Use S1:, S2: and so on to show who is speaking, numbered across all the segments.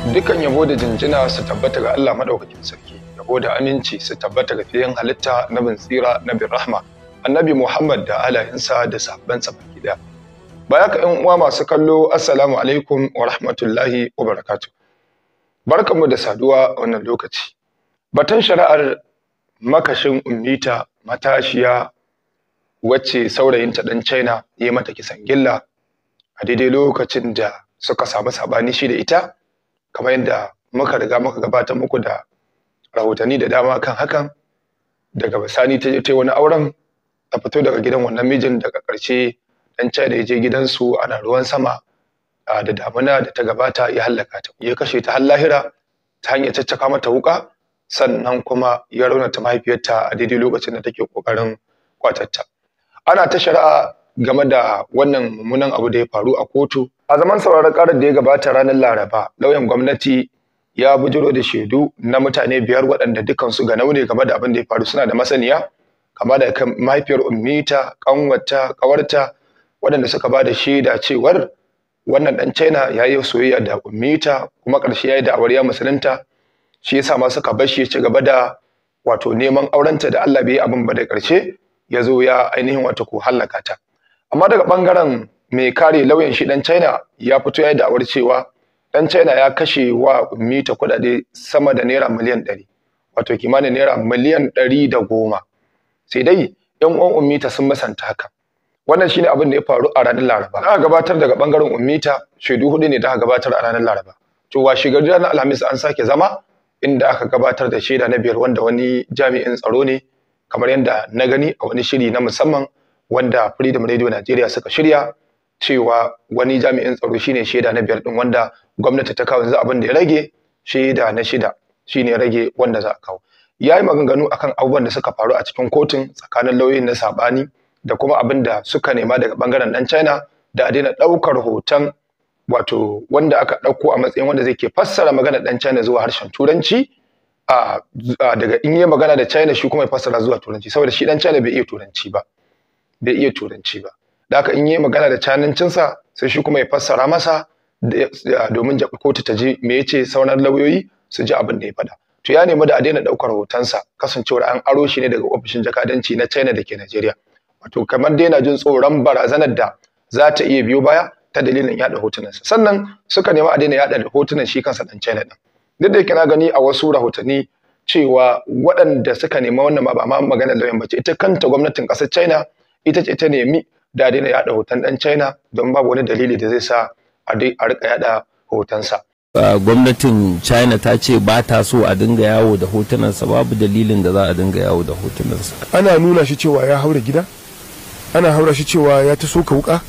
S1: Dukkan yabo da jinjina su tabbata ga Allah maɗaukakin sarki, yabo da aminci su tabbata ga fiyen halitta na bin tsira na bin rahma, annabi Muhammad da alayensa da sa baki da Baya ka ‘yan uwa masu kallo, Assalamu alaikum wa rahmatullahi wa barakatu. Barkanmu da saduwa a wannan lokaci. Batun shari'ar makashin ummita matashiya wacce saurayinta dan China ya mata kisan gilla a daidai lokacin da suka samu sabani shi da ita kamar yadda muka riga muka gabatar muku da rahotanni da dama kan hakan daga bisani ta je wani auren ta fito daga gidan wannan mijin daga ƙarshe dan da ya je gidansu ana ruwan sama da damuna da ta gabata ya hallaka ta ya kashe ta har lahira ta hanyar caccaka mata wuka sannan kuma ya raunata mahaifiyarta a daidai lokacin da take kokarin kwatatta ana ta shari'a game da wannan mummunan abu da ya faru a kotu a zaman sauraron karar da ya gabata ranar laraba lauyan gwamnati ya bujiro da shaidu na mutane biyar waɗanda dukansu ga naune game da abin da ya faru suna da masaniya kama da kan mahaifiyar ummita kanwata kawarta waɗanda suka ba da shaida cewar wannan ɗan china ya yi soyayya da ummita kuma ƙarshe ya yi da awariya musulunta shi yasa ma suka bar shi ya ci gaba da wato neman aurenta da Allah bai yi abin ba da ƙarshe ya zo ya ainihin wato ko hallaka ta amma daga ɓangaren mai kare lauyan shi dan China ya fito yayin da'awar cewa dan China ya kashe wa mita kudade sama da naira miliyan 100 wato kimanin naira miliyan 110 sai dai yan uwan ummita sun masanta haka wannan shine abin da ya faru a ranar Laraba a gabatar daga bangaren ummita shaidu hudu ne da aka gabatar a ranar Laraba to shigar gari ranar Alhamis an sake zama inda aka gabatar da shaida na biyar wanda wani jami'in tsaro ne kamar yadda na gani a wani shiri na musamman wanda Freedom Radio Nigeria suka shirya cewa wani jami'in tsaro shine shaida na biyar din wanda gwamnati ta kawo yanzu abin da ya rage shaida na shida shine rage wanda za a kawo ya yi maganganu akan abubuwan da suka faru a cikin kotun tsakanin lauyoyin na sabani da kuma abin da suka nema daga bangaren dan China da a daina daukar hoton wato wanda aka dauko a matsayin wanda zai ke fassara magana dan China zuwa harshen turanci a daga in yi magana da China shi kuma ya fassara zuwa turanci saboda shi dan China bai iya turanci ba bai iya turanci ba da in yi magana da canancinsa sai shi kuma ya fassara masa domin kotu ta ji me ce sauran lauyoyi su ji abin da ya fada to ya nemi da a daina ɗaukar hotonsa kasancewar an aro shi ne daga ofishin jakadanci na China da ke Najeriya wato kamar daina jin tsoron barazanar da za ta iya biyo baya ta dalilin yaɗa hotunansa sannan suka nemi a daina yaɗa hotunan shi kansa ɗan China ɗin duk da yake na gani a wasu rahotanni cewa waɗanda suka nema wannan ba ma magana lauyan ba ce ita kanta gwamnatin ƙasar China ita ce ta nemi da a daina yada hoton ɗan China don babu wani dalili da zai sa a rika yaɗa hotonsa.
S2: gwamnatin china ta ce ba ta so a dinga yawo da hotunansa babu dalilin da za a dinga yawo da hotunansa
S3: ana nuna shi cewa ya haura gida ana haura shi cewa ya ta soka wuka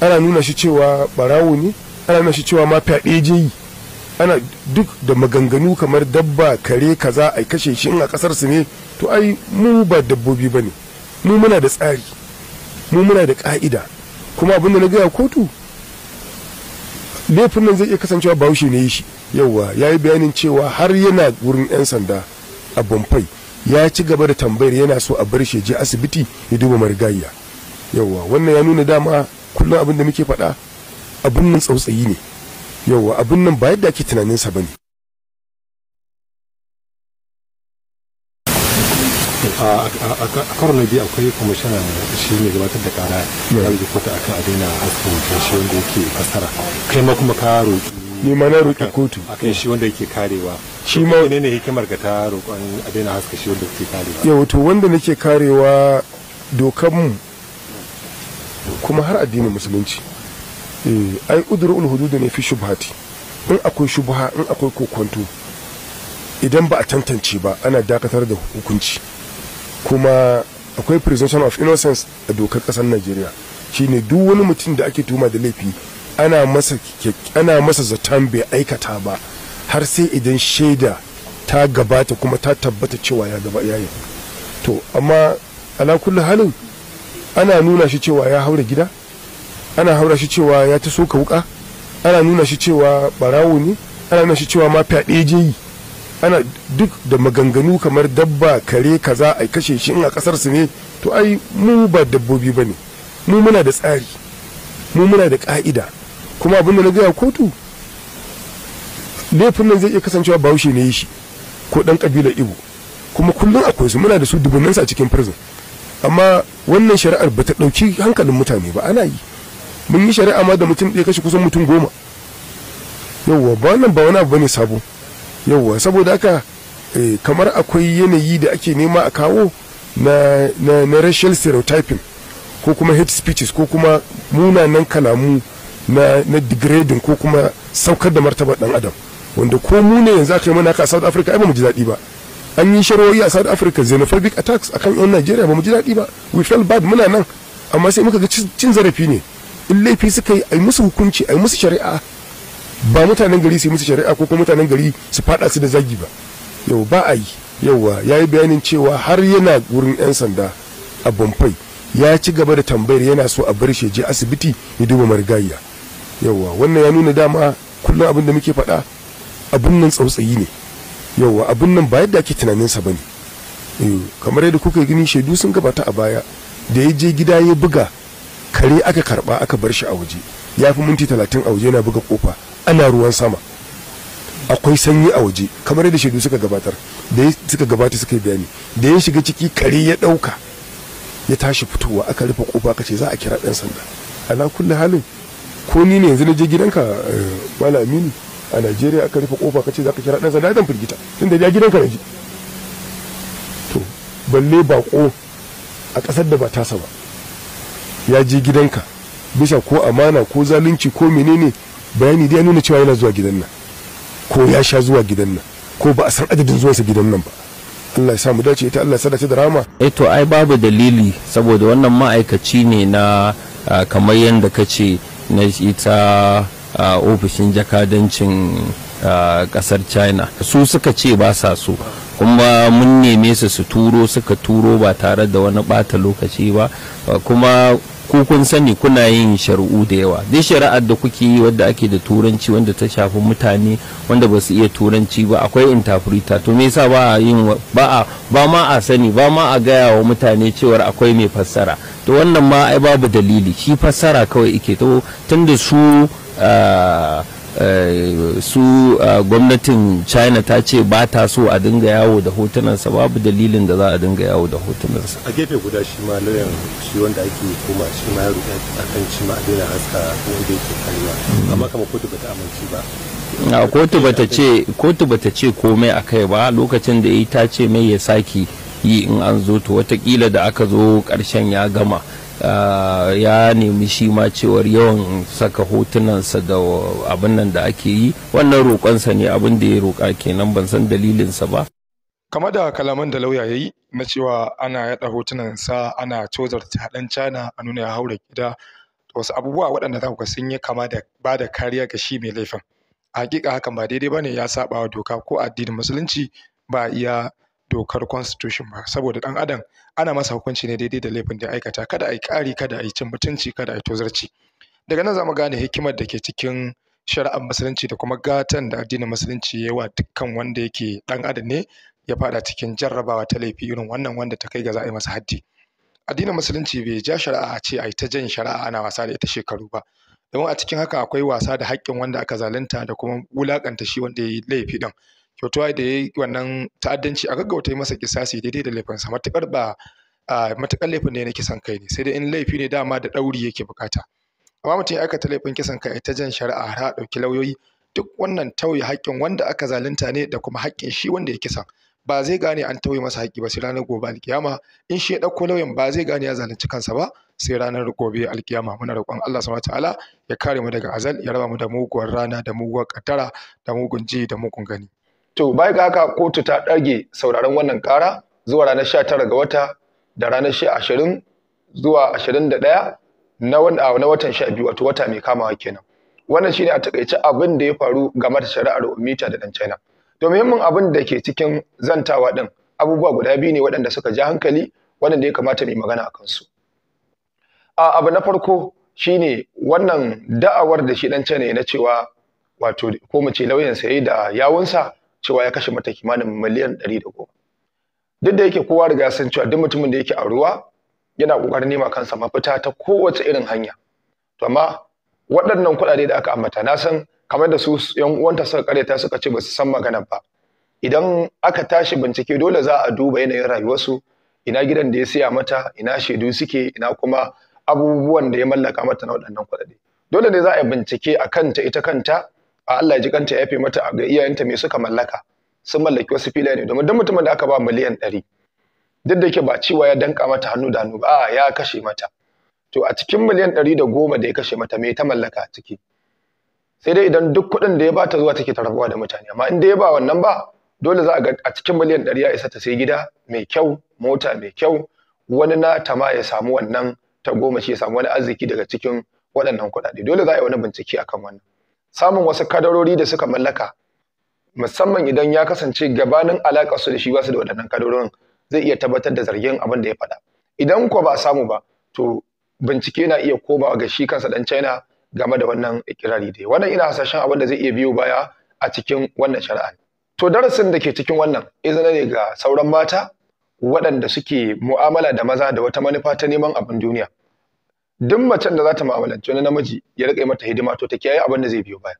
S3: ana nuna shi cewa barawo ne ana nuna shi cewa ma fyaɗe je yi ana duk da maganganu kamar dabba kare kaza a kashe shi in a ƙasar su ne to ai mu ba dabbobi ba ne mu muna da tsari mu muna da ka'ida kuma abinda na gaya kotu laifin nan zai iya kasancewa bahaushe ne shi yauwa ya yi bayanin cewa har yana wurin 'yan sanda a bombay ya ci gaba da tambayar yana so a bar shi je asibiti ya duba marigayya yauwa wannan ya nuna dama kullum abin da muke faɗa abin nan tsautsayi ne yauwa abin nan ba yadda ake tunaninsa ba ne a karo na biyu akwai kwamishina shi ne gabatar da kara ya rubuta kota akan a daina hasken shi wanda yake fasara kai ma kuma ka roƙi ni ma na roƙi kotu A akan shi wanda yake karewa shi ma ne ne hikimar ka ta roƙon a daina haska shi wanda yake karewa yau to wanda nake karewa dokar mu kuma har addinin musulunci eh, ai udurul hudud ne fi shubhati in akwai shubha in akwai kokonto idan ba a tantance ba ana dakatar da hukunci kuma akwai presumption of innocence a dokar kasar najeriya shine duk wani mutum da ake tuma da laifi ana masa ana masa zaton bai aikata ba har sai idan shaida ta gabata kuma ta tabbata cewa ya gaba yayi to amma ala kullu halin ana nuna shi cewa ya haura gida ana haura shi cewa ya ta soka wuka ana nuna shi cewa barawo ne ana nuna shi cewa ma fyaɗe je yi ana duk da maganganu kamar dabba kare kaza a kashe shi in a kasar su ne to ai mu ba dabbobi ba ne mu muna da tsari mu muna da ka'ida kuma abin da na gaya kotu laifin nan zai iya kasancewa haushe ne shi ko dan kabilar ibo kuma kullum akwai su muna da su dubunan a cikin prison amma wannan shari'ar ba ta ɗauki hankalin mutane ba ana yi mun yi shari'a ma da mutum ɗaya kashe kusan mutum goma yauwa ba wannan ba wani abu bane sabo yauwa saboda haka eh, kamar akwai yanayi da ake nema a kawo na, na, na racial stereotyping ko kuma hate speeches ko kuma munanan kalamu na, na degrading ko kuma saukar da martaba dan adam wanda ko muna yanzu aka yi mana a south africa ai ba mu ji daɗi ba an yi sharo'i a south africa xenophobic attacks akan yan nigeria ba mu ji daɗi ba we felt bad muna nan amma sai muka ga cin zarafi ne in laifi suka yi ai musu hukunci ai musu shari'a ba mutanen gari su yi musu shari'a ko kuma mutanen gari su fada su da zagi ba yau ba a yi yauwa ya yi bayanin cewa har yana wurin 'yan sanda a bamfai ya ci gaba da tambayar yana so a bar shi je asibiti ya duba marigayya yauwa wannan ya nuna dama kullum abin da muke faɗa abin nan tsautsayi ne yauwa abin nan ba yadda ake tunaninsa ba ne eh, kamar yadda kuka gani shaidu sun gabata a baya da ya je gida ya buga kare aka karba aka bar shi a waje ya fi minti talatin a waje yana buga kofa ana ruwan sama akwai sanyi a waje kamar yadda shaidu suka gabatar da ya suka gabata suka yi bayani da ya shiga ciki kare ya ɗauka ya tashi fitowa aka rufe kofa ka ce za a kira ɗan sanda ala kulli halin ko ni ne yanzu na je gidanka eh, mala aminu a najeriya aka rufe kofa ka ce za ka kira ɗan sanda dan firgita tunda ya gidanka na to balle bako a ƙasar da ba tasa ba ya je gidanka bisa ko amana ko zalunci ko menene bayani dai ya nuna cewa yana zuwa gidan nan ko ya sha zuwa gidan nan ko ba a san adadin zuwansa gidan nan ba Allah ya samu dace ita Allah sadace da rama
S2: eh to ai babu dalili saboda wannan ma'aikaci ne na kamar yadda ka ce na ita ofishin jakadancin kasar china su suka ce ba sa so kuma mun neme su su turo suka turo ba tare da wani bata lokaci ba kuma ku kun sani kuna yin shari'u da yawa duk shari'ar da kuke yi wadda ake da turanci wanda ta shafi mutane wanda ba su iya turanci ba akwai interpreter to me yasa ba a yin ba a ba ma a sani ba ma a gaya wa mutane cewa akwai mai fassara to wannan ma ai babu dalili shi fassara kawai ike to tunda su ah, Eh, su ah, gwamnatin china ta ce ba ta so a dinga yawo da hotunansa babu dalilin da za a dinga yawo da hotunansa
S3: a gefe guda shi ma lauyan shi wanda ake koma shi ma ya rubuta kan shi ma a haska wanda yake karewa amma kama kotu bata amince ba
S2: a ah, kotu bata ce kotu bata ce komai a kai ba lokacin da yi ta ce mai ya saki yi in an zo to watakila da aka zo karshen ya gama Ah, ya nemi shi ma cewar yawan saka hotunansa da abin nan da ake yi wannan roƙonsa ne abin da ya roƙa kenan ban san dalilinsa ba
S1: kama da kalaman da lauya ya yi na cewa ana yaɗa hotunansa ana ta haɗan cana a nuna ya haura gida wasu abubuwa waɗanda za ku sun yi kama da ba da kariya ga shi mai laifin hakika hakan ba daidai bane ya saba wa doka ko addinin musulunci ba iya dokar constitution ba saboda ɗan adam ana masa hukunci ne daidai da laifin da aikata kada a yi ƙari kada a yi cin mutunci kada a yi tozarci daga nan za mu gane hikimar da ke cikin shari'ar musulunci da kuma gatan da addinin musulunci ya yi wa dukkan wanda yake ɗan adam ne ya faɗa cikin jarrabawa ta laifi irin wannan wanda ta kai ga za a yi masa haddi addinin musulunci bai ja shari'a a ce a yi ta jan shari'a ana wasa da ita shekaru ba domin a cikin haka akwai wasa da haƙƙin wanda aka zalunta da kuma wulaƙanta shi wanda ya yi laifi ɗin Kyotowa da ya yi wannan ta'addanci a gaggauta masa kisasi daidai da laifinsa matuƙar ba matuƙar laifin ne na kisan kai ne sai dai in laifi ne dama da ɗauri yake buƙata amma mutum ya aikata laifin kisan kai ta jan shari'a har a ɗauki lauyoyi duk wannan tauye haƙƙin wanda aka zalunta ne da kuma haƙƙin shi wanda ya kisan ba zai gane an tauye masa haƙƙi ba sai ranar gobe alƙiyama in shi ya ɗauko lauyan ba zai gane ya zalunci kansa ba sai ranar gobe alƙiyama muna roƙon Allah subhanahu ta'ala ya kare mu daga azal ya raba mu da muguwar rana da muguwar kaddara da mugun ji da mugun gani to bai ga haka kotu ta ɗage sauraron wannan ƙara zuwa ranar 19 ga wata da ranar 20 zuwa 21 na na watan 12 wato wata mai kamawa kenan wannan shine a takaici abin da ya faru game da shari'ar Ummita da dan China to muhimmin abin da ke cikin zantawa din abubuwa guda biyu ne waɗanda suka ji hankali waɗanda ya kamata mu magana akan su a abu na farko shine wannan da'awar da shi dan China na cewa wato ko mu ce lauyan sa da yawunsa cewa ya kashe mata kimanin miliyan ɗari da goma duk da yake kowa riga san cewa duk mutumin da yake a ruwa yana kokarin nema kansa mafita ta kowace irin hanya to amma waɗannan kuɗaɗe da aka ambata na san kamar da su yan uwanta suka karyata suka ce ba su san magana ba idan aka tashi bincike dole za a duba yanayin rayuwarsu ina gidan da ya siya mata ina shaidu suke ina kuma abubuwan da ya mallaka mata na waɗannan kuɗaɗe dole ne za a bincike a kanta ita kanta Allah ya ji kanta ya yafe mata ga iyayenta me suka mallaka sun mallaki wasu filaye ne domin duk mutumin da aka ba miliyan ɗari duk da yake ba ciwa ya danka mata hannu da hannu ba a ya kashe mata to a cikin miliyan ɗari da goma da ya kashe mata me ta mallaka a ciki sai dai idan duk kuɗin da ya bata zuwa take ta rabuwa da mutane amma in da ba wannan ba dole za a ga a cikin miliyan ɗari ya isa ta sai gida mai kyau mota mai kyau wani ta ma ya samu wannan ta goma shi ya samu wani arziki daga cikin waɗannan kuɗaɗe dole za a yi wani bincike akan wannan samun wasu kadarori da suka mallaka musamman idan ya kasance gabanin alaƙa su da shi wasu da waɗannan kadarorin zai iya tabbatar da zargin abin da ya faɗa idan kuwa ba a samu ba to bincike na iya komawa ga shi kansa dan China game da wannan ikirari dai wannan ina hasashen abin da zai iya biyo baya a cikin wannan shari'a to darasin da ke cikin wannan izina ne ga sauran mata waɗanda suke mu'amala da maza da wata manufa ta neman abin duniya duk macen da za ta mu'amalanci wani namiji ya riƙa mata hidima to ta kiyaye abin da zai biyo baya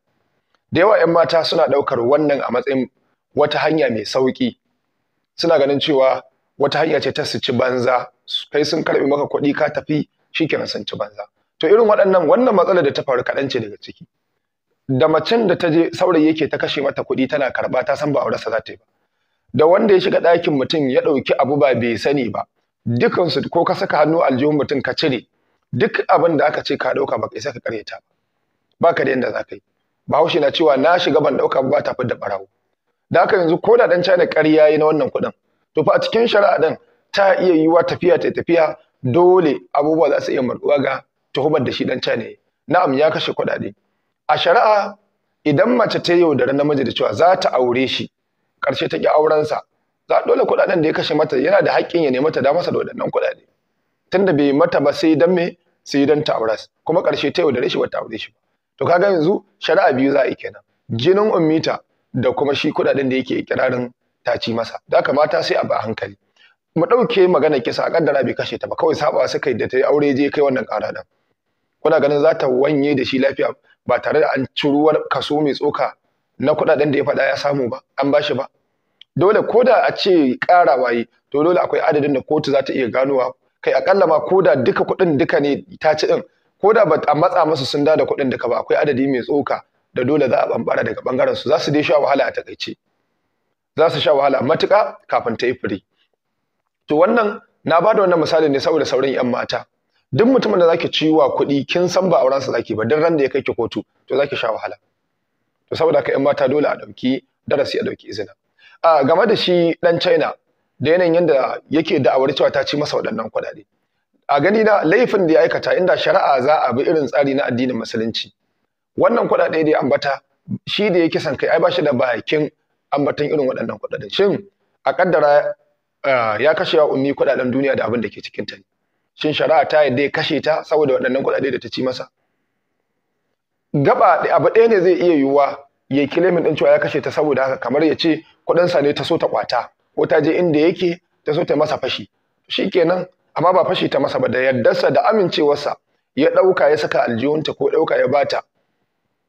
S1: da yawa 'yan mata suna ɗaukar wannan a matsayin wata hanya mai sauƙi suna ganin cewa wata hanya ce ta su ci banza kai sun karɓi maka kuɗi ka tafi shikenan sun ci banza to irin waɗannan wannan matsalar da ta faru kaɗan ce daga ciki da macen da ta je saurayi yake ta kashe mata kuɗi tana karɓa ta san ba aurarsa za ta yi ba da wanda ya shiga ɗakin mutum ya ɗauki abu ba bai sani ba dukansu ko ka saka hannu aljihun mutum ka cire duk abin da aka ce ka ɗauka ba isa ka ta, ba ka da yadda za ka yi bahaushe na cewa na shiga ban ɗauka ba ta da ɓarawo da haka yanzu ko da ɗan china ƙarya yi na wannan kuɗin to fa a cikin shari'a ɗin ta iya yiwuwa tafiya ta tafiya dole abubuwa za su iya marɗuwa ga tuhumar da shi ɗan china yi na'am ya kashe kuɗaɗe a shari'a idan mace ta yi yaudara namiji da cewa za ta aure shi ƙarshe ta ƙi aurensa za dole kuɗaɗen da ya kashe mata yana da haƙƙin ya nemi ta da masa da waɗannan kuɗaɗe da bai mata ba sai dan me sai dan ta auras kuma karshe ta yaudare shi bata aure shi ba to kaga yanzu shari'a biyu za a yi kenan jinin ummita da kuma shi kudaden da yake ikirarin ta ci masa da haka mata sai a ba hankali mu dauke magana kisa a kaddara bai kashe ta ba kawai sabawa suka yi da ta yi aure je kai wannan kara din kuna ganin za ta wanye da shi lafiya ba tare da an ciruwar kaso mai tsoka na kudaden da ya faɗa ya samu ba an ba shi ba dole ko da a ce ƙara waye to dole akwai adadin da kotu za ta iya ganowa kai akalla ma koda duka kuɗin duka ne ta ci din koda ba a matsa musu sun da kuɗin duka ba akwai adadi mai tsoka da dole za a bambara daga bangaren su za su dai sha wahala a takaice za su sha wahala matuƙa kafin ta yi fure to wannan na ba da wannan misali ne saboda sauran yan mata duk mutumin da zaki ci wa kuɗi kin san ba auren sa zaki ba duk ran da ya kai ki kotu to zaki sha wahala to saboda ka yan mata dole a dauki darasi a dauki izina a game da shi dan China da yanayin yadda yake da'awar cewa ta ci masa waɗannan kuɗaɗe a gani na laifin da ya aikata inda shari'a za a bi irin tsari na addinin musulunci wannan kuɗaɗe da ya ambata shi da ya kisan kai ai ba shi da bakin ambatan irin waɗannan kuɗaɗen shin a kaddara ya kashe wa ummi kuɗaɗen duniya da abin da ke cikin ta shin shari'a ta yadda ya kashe ta saboda waɗannan kuɗaɗe da ta ci masa gaba abu ɗaya ne zai iya yiwuwa ya kilimin ɗin cewa ya kashe ta saboda haka kamar ya ce kuɗinsa ne ta so ta kwata ko ta je inda yake ta so ta masa fashi shi kenan amma ba fashi ta masa ba da yardarsa da amincewarsa ya ɗauka ya saka aljihunta ko ɗauka ya bata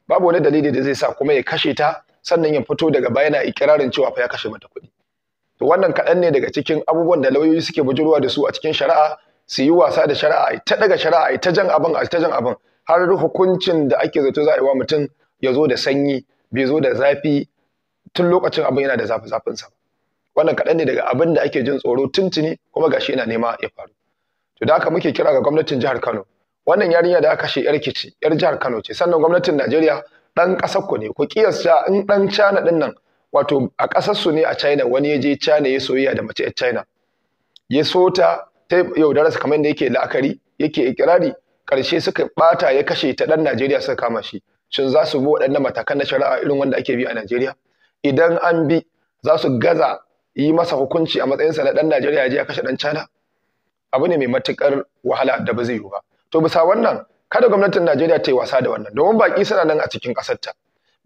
S1: babu wani dalili da zai sa kuma ya kashe ta sannan ya fito daga baya yana ikirarin cewa fa ya kashe mata kuɗi to wannan kaɗan ne daga cikin abubuwan da lauyoyi suke bujurwa da su a cikin shari'a su yi wasa da shari'a ta daga shari'a ta jan abin ta jan abin har hukuncin da ake zato za a yi wa mutum ya zo da sanyi bai zo da zafi tun lokacin abin yana da zafi zafin ba wannan kaɗan ne daga abin da ake jin tsoro tuntuni kuma gashi yana nema ya faru to da haka muke kira ga gwamnatin jihar Kano wannan yarinya da aka kashe yar kici yar jihar Kano ce sannan gwamnatin Najeriya dan ƙasar ku ne ku kiyasta in dan China din nan wato a ƙasar su ne a China wani ya je China ya soyayya da mace yar China ya sota ta yaudararsa kamar da yake la'akari yake ikirari karshe suka bata ya kashe ta dan Najeriya suka kama shi shin za su bi waɗannan matakan na shari'a irin wanda ake bi a Najeriya idan an bi za su gaza yi masa hukunci a matsayinsa na ɗan Najeriya je ya kashe ɗan China abu ne mai matukar wahala da ba zai yiwu ba to bisa wannan kada gwamnatin Najeriya ta yi wasa da wannan domin baƙi suna nan a cikin ƙasarta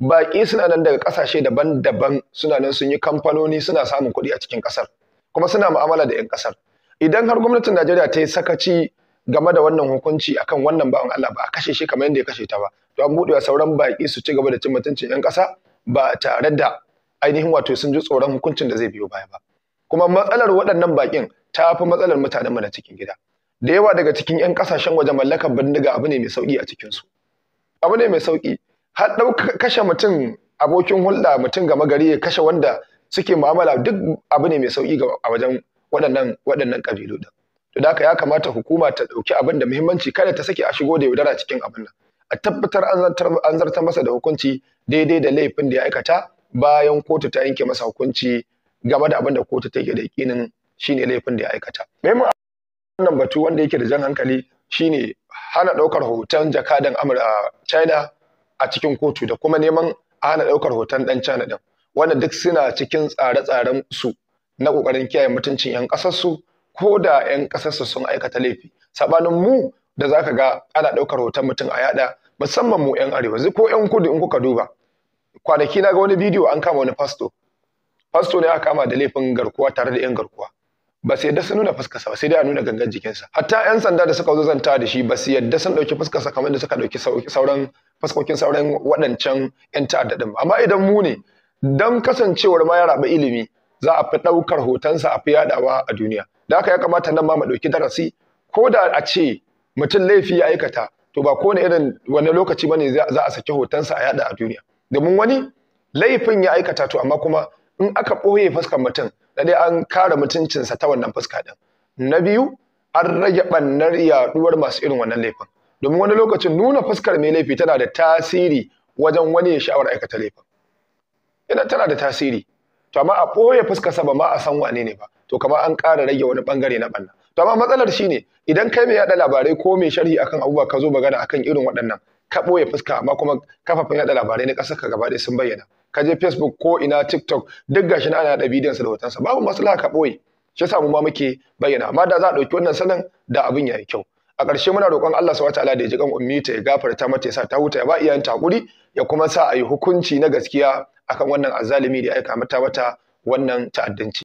S1: baƙi suna nan daga ƙasashe daban-daban suna nan sun yi kamfanoni suna samun kuɗi a cikin ƙasar kuma suna mu'amala da ƴan ƙasar idan har gwamnatin Najeriya ta yi sakaci game da wannan hukunci akan wannan bawan Allah ba a kashe shi kamar yadda ya kashe ta ba to an buɗewa sauran baƙi su ci gaba da cin mutuncin 'yan ƙasa ba tare da ainihin wato sun ji tsoron hukuncin da zai biyo baya ba kuma matsalar waɗannan bakin ta fi matsalar mutanen mu na cikin gida da yawa daga cikin 'yan kasashen waje mallakar bindiga abu ne mai sauki a cikin su abu ne mai sauki har ɗauka kashe mutum abokin hulɗa mutum gama gari ya kashe wanda suke mu'amala duk abu ne mai sauki a wajen waɗannan waɗannan ƙabilu din to da haka ya kamata hukuma ta ɗauki abin da muhimmanci kada ta sake a shigo da yaudara cikin abin nan a tabbatar an zartar masa da hukunci daidai da laifin da ya aikata bayan kotu ta yanke masa hukunci game da abin da kotu take da yakinin shine laifin da ya aikata muhimmin wannan batu wanda yake da jan hankali shine hana ɗaukar hoton jakadan amurka china a cikin kotu da kuma neman a hana ɗaukar hoton dan china din wanda duk suna cikin tsare-tsaren su na ƙoƙarin kiyaye mutuncin 'yan su ko da 'yan su sun aikata laifi saɓanin mu da zaka ga ana ɗaukar hoton mutum a yada, musamman mu 'yan arewa ko 'yan kudu in kuka duba kwanaki na ga wani bidiyo an kama wani fasto fasto ne aka kama da laifin garkuwa tare da yan garkuwa ba su yadda sun nuna fuskarsa ba sai dai a nuna gangan jikinsa hatta yan sanda da suka zo zanta da shi ba su yadda sun ɗauki fuskarsa kamar da suka dauki sauran fuskokin sauran waɗancan yan ta'adda ɗin amma idan mu ne dan kasancewar ma ya raba ilimi za a fi ɗaukar hotonsa a fi yaɗawa a duniya da haka ya kamata nan ma mu ɗauki darasi ko da a ce mutum laifi ya aikata to ba kowane irin wani lokaci ne za a saki hotonsa a yada a duniya domin wani laifin ya aikata to amma kuma in aka ɓoye fuskar mutum da dai an kare mutuncinsa ta wannan fuska ɗin na biyu an rage ɓannar yaɗuwar masu irin wannan laifin domin wani lokacin nuna fuskar mai laifi tana da tasiri wajen wani ya sha'awar aikata laifin yana tana da tasiri to amma a ɓoye sa ba ma a san wane ne ba to kamar an ƙara rage wani ɓangare na ɓanna to amma matsalar shine idan kai mai yada labarai ko mai sharhi akan abubuwa ka zo magana akan irin waɗannan ka ɓoye fuska amma kuma kafafen yaɗa labarai na ƙasar ka gaba ɗaya sun bayyana ka je facebook ko ina tiktok duk gashi na ana yaɗa bidiyon sa da hotonsa babu maslaha ka ɓoye shi yasa mu ma muke bayyana amma da za a ɗauki wannan sanin da abin yayi kyau a ƙarshe muna roƙon Allah subhanahu wataala da ya ji kan ummi ta ya gafarta mata ya sa ta huta ya ba iyayen takuri ya kuma sa a yi hukunci na gaskiya akan wannan azzalimi da ya aika mata mata wannan ta'addanci